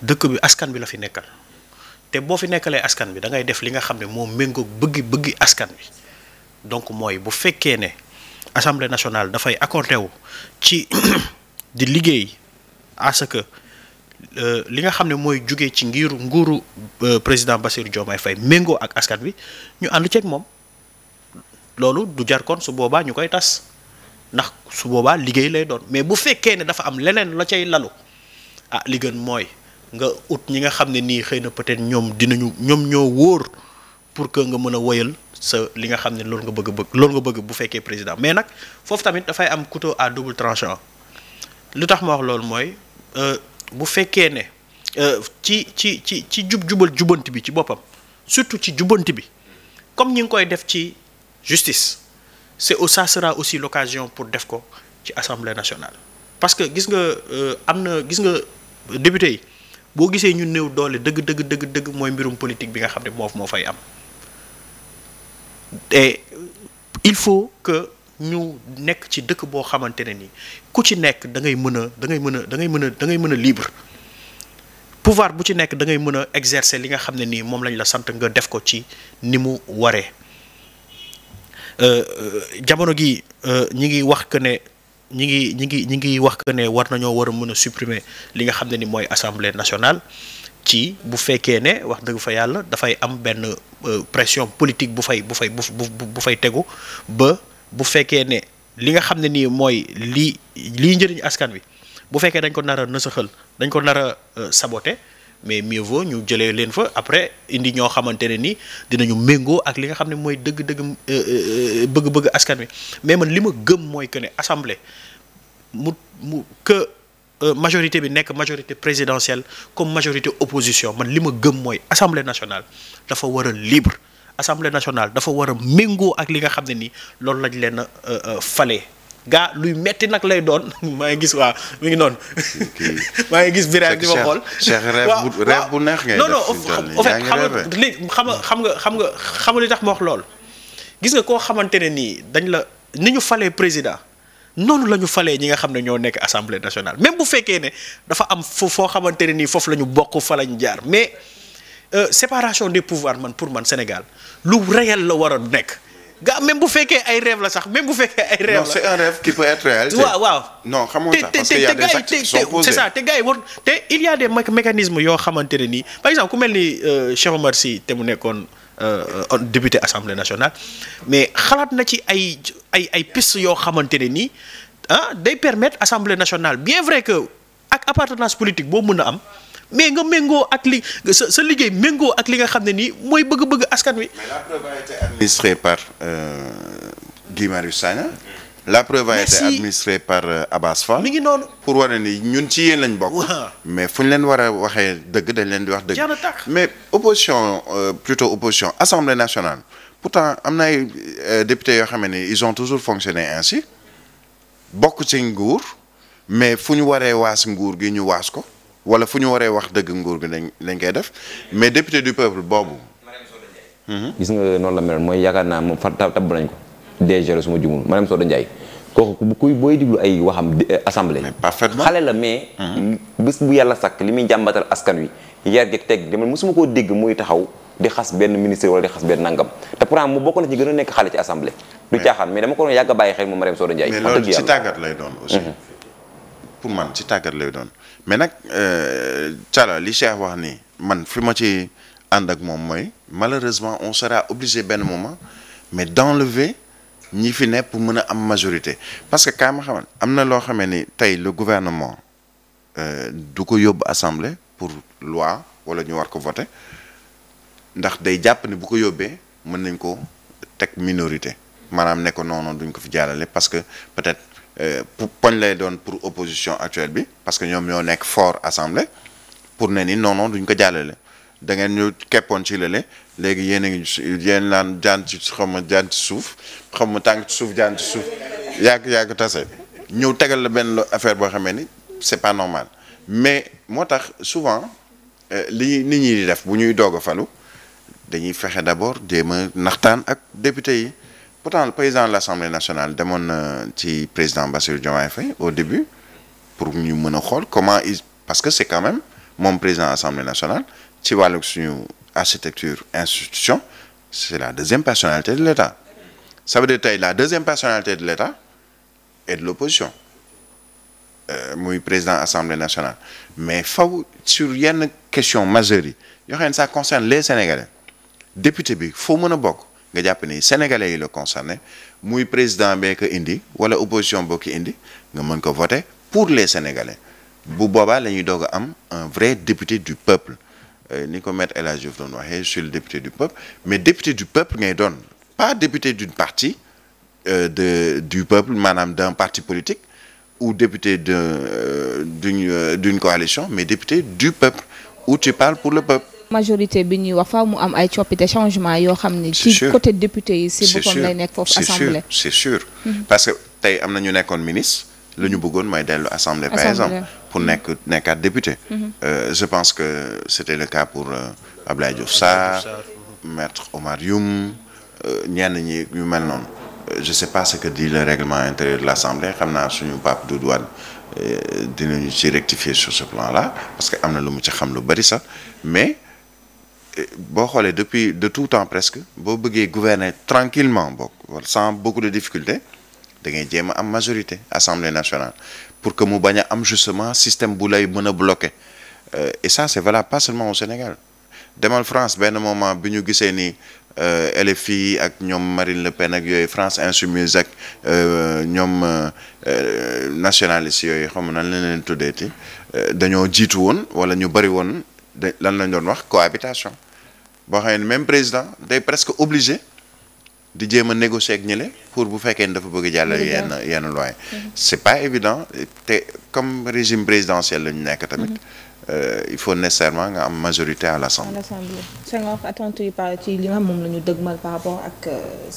dëkk bi askan bi la fi nekkal te boo fi nekkalee askan bi dangay def li nga xam ne moo méngoog bëggi bëggi askan bi donc mooy bu fekkee ne assemblée nationale dafay accordé wu ci di liggéey à ce que euh, li nga xam ne mooy jóge ci ngiru nguuru euh, président Bassirou Diomaye Faye méngoo ak askan bi ñu ànd ceeg moom loolu du jar kon su boobaa ñu koy tas ndax su boobaa liggéey lay doon mais bu fekkee ne dafa am leneen la cay lalu ah li gën mooy. nga ut ñi nga xam ne nii xëy na peut-être ñoom dinañu ñoom ñoo wóor pour que nga mën a woyal sa li nga xam ne loolu nga bëgg a bëgg loolu nga bëgg bu fekkee président mais nag foofu tamit dafay am couteau à double tranchant lu tax ma wax loolu mooy euh, bu fekkee ne euh, ci ci ci ci jub jubal jubant bi ci boppam surtout ci jubant bi comme ñi ngi koy def ci justice c'est au oh, ça sera aussi l'occasion pour def ko ci assemblée nationale parce que gis nga euh, am na gis nga député yi boo gisee ñu néew doole dëgg dëgg dëgg dëgg mooy mbirum politique bi nga xam ne moof moo fay am il faut que ñu nekk ci dëkk boo xamante ne nii ku ci nekk da ngay mën a dangay ngay mën a da ngay mën a da ngay mën a libre pouvoir bu ci nekk da ngay mën a exercer li nga xam ne nii moom lañ la sant nga def ko ci ni mu ware euh, euh, jamono gi euh, ñu ngi wax que ne ñi ngi ñi ngi ñi ngi wax que ne war nañoo war a mën a supprimer li nga xam ne ni mooy assemblée nationale ci bu fekkee ne wax dëgg fa yàlla dafay am benn euh, pression politique bu fay bu fay bu bu fay tegu ba bu fekkee ne li nga xam ne nii mooy lii lii njëriñ askan wi bu fekkee dañ ko nara a dañ ko nar a euh, saboter mais mieux vaut ñu jëlee leen fa après indi ñoo xamante ne ni dinañu méngoo ak li nga xam ne mooy dëgg-dëgg euh, euh, euh, bëgg-bëgg askan wi mais man li ma gëm mooy que ne assemblée mu mu que majorité bi nekk majorité présidentielle comme majorité opposition man li ma gëm mooy assemblée nationale dafa war libre assemblée nationale dafa war a méngoo ak li nga xam ne ni loolu lañ leen a fale gaa luy metti nag lay doon maa ngi gis waa mi ngi noonu maa ngi gis biral di ma xool waaw rêve bu neex ngay xam nga xam nga xam nga xam nga xam nga wax lool gis nga koo xamante ne nii dañ la ni ñu falee président noonu la ñu falee ñi nga xam ne ñoo nekk assemblée nationale même bu fekkee ne dafa am fo foo xamante ne nii foofu la ñu bokk fa lañ jaar mais euh, séparation des pouvoirs man pour man Sénégal lu réel la war a nekk ga même bu fekkee ay rêve la sax même bu fekkee ay rêve la non c'est un rêve qui peut être réalisé. waaw waaw des actes qui te gars yi te il y des mécanismes yoo xamante ne nii par exemple ku mel ni euh, Cheikh Omar Sy te mu nekkoon euh, euh, député assemblée nationale mais xalaat na ci ay ay ay piste yoo xamante ne nii ah day permettre assemblée nationale bien vrai que ak appartenance politique boo mën a am. mais nga méngoo ak li sa sa liggéey méngoo ak li nga xam ne nii mooy bëgg-bëgg askan wi. mais la preuve a été administrée par euh, Guy Marius Sagna. la preuve a été administrée par euh, Abbas Fall. mi ngi noonu pour wane ni ñun ci yéen lañ bokk. mais fu ñu leen war waxee dëgg dañ leen di wax dëgg. mais opposition euh, plutôt opposition assemblée nationale pourtant am na ay euh, députés yoo xam ne ils ont toujours fonctionné ainsi bokk ci nguur mais fu ñu waree waas nguur gi ñu waas ko. wala fu ñu waree wax dëgg nguur bi lañ lañ koy def mais député du peuple boobu. Mhm. gis nga noonu la mel mooy yaakaar naa moom fa tabb nañ ko. DG la ma jumul Mariam Soda Ndiaye kooku bu kuy booy diglu ay waxam eh, assemblée. parfaitement xale la mais. Mhm. bés bu yàlla sakk li muy jàmbatal askan wi. yar gi teg demal mosuma koo dégg muy taxaw di xas benn ministre wala di xas benn nangam te pourtant mu bokk na ci gën a nekk xale ci assemblée. du caaxaan mais dama ko doon yàgg a bàyyi xel moom pour man ci tàggat lay doon mais nag euh, Thiala li Cheikh wax nii man fi ma ci ànd ak moom mooy malheureusement on sera obligé benn moment mais d'enlever ñi fi ne pour mën a am majorité parce que kaa ma xaman am na loo xamee ni tey lu gouvernement euh, du ko yóbbu assemblée pour loi wala ñu war ko voter ndax day jàpp ni bu ko yóbbee mën nañ ko teg minorité maanaam ne ko duñ ko fi jàllale parce que peut-être Euh, pour poñ lay doon pour opposition actuelle bi parce que ñoom ñoo nekk fort assemblée pour ne ni non non duñ ko jàllale da ngeen ñu keppoon ci lële léegi yéen a ngi yéen naan jaan ci xaw ma jaan ci suuf xaw ma tànk ci suuf jaan ci suuf yàgg yàgg tase ñëw tegal la benn affaire boo xamee ni c'est pas normal mais moo tax souvent euh, li nit ñi di def bu ñuy doog a falu dañuy fexe d'abord jéem a naxtaan ak député yi. pourtant le président de l'Assemblée nationale demoon na ci président Bassirou Diomaye Faye au début pour ñu mën a xool comment il parce que c'est quand même moom président Assemblée nationale ci wàllu suñu architecture institution c'est la deuxième personnalité de l'État ça veut dire la deuxième personnalité de l'État et de l'opposition euh, muy président Assemblée nationale mais faw sur yenn question majeures yi yoo xam ne ça les Sénégalais député bi foo mën a bokk nga jàpp ni sénégalais yi la concerné muy président bee ko indi wala opposition boo indi nga mën ko voter pour les sénégalais bu boobaa la ñuy doog a am un vrai député du peuple euh, ni ko maître El Hadji Diouf doon waxee je suis le député du peuple mais député du peuple ngay doon pas député d'une parti euh, de du peuple maanaam d'un parti politique ou député de euh, d'une euh, d'une coalition mais député du peuple où tu parles pour le peuple majorité bi ñuy wax faaw mu am ay coppite changement yoo xam ni. ci côté député yi si boppam lay nekk foofu assemblée. c'est sûr mhm. parce que tey am na ñu nekkoon ministre lu ñu bëggoon mooy dellu assemblée. par exemple pour mhm. nekk nekkaat député. Mhm. Euh, je pense que c'était le cas pour euh, Abdoulaye Diouf Sarr maître Omar Youm euh, ñeen ñi ñu mel noonu. je sais pas ce que dit le règlement intérieur de l'Assemblée xam naa suñu Pape Doudou Wade dinañu ci rectifier sur ce plan-là parce que am na lu mu ci xam lu bari sax mais. boo xoolee depuis de tout temps presque boo bëggee gouverner tranquillement book wala sans beaucoup de difficultés da ngay jéem a am majorité assemblée nationale pour que mu bañ a am justement système bu lay mën a bloquer euh, et ça c'est valable pas seulement au Sénégal demal France benn moment bi ñu gisee nii ni euh, fi ak ñoom Marine Le Pen ak yooyu France Insoumise ak euh, ñoom nationalistes yooyu xam nan la leen tuddeeti dañoo jiitu woon wala ñu bari woon da lan lañ doon wax cohabitation boo xam ne même président day di jéem a négocier ak ñële pour bu fekkee ne dafa bëgg a jàllale yenn yenn lois mhm. c'est pas te comme régime présidentiel la ñu nekk tamit. Mhm. Euh, il faut nécessairement nga am majorité à l'Assemblée. À l'Assemblée. Senghor attente yi moom la ñu dëgmal par rapport ak. Euh,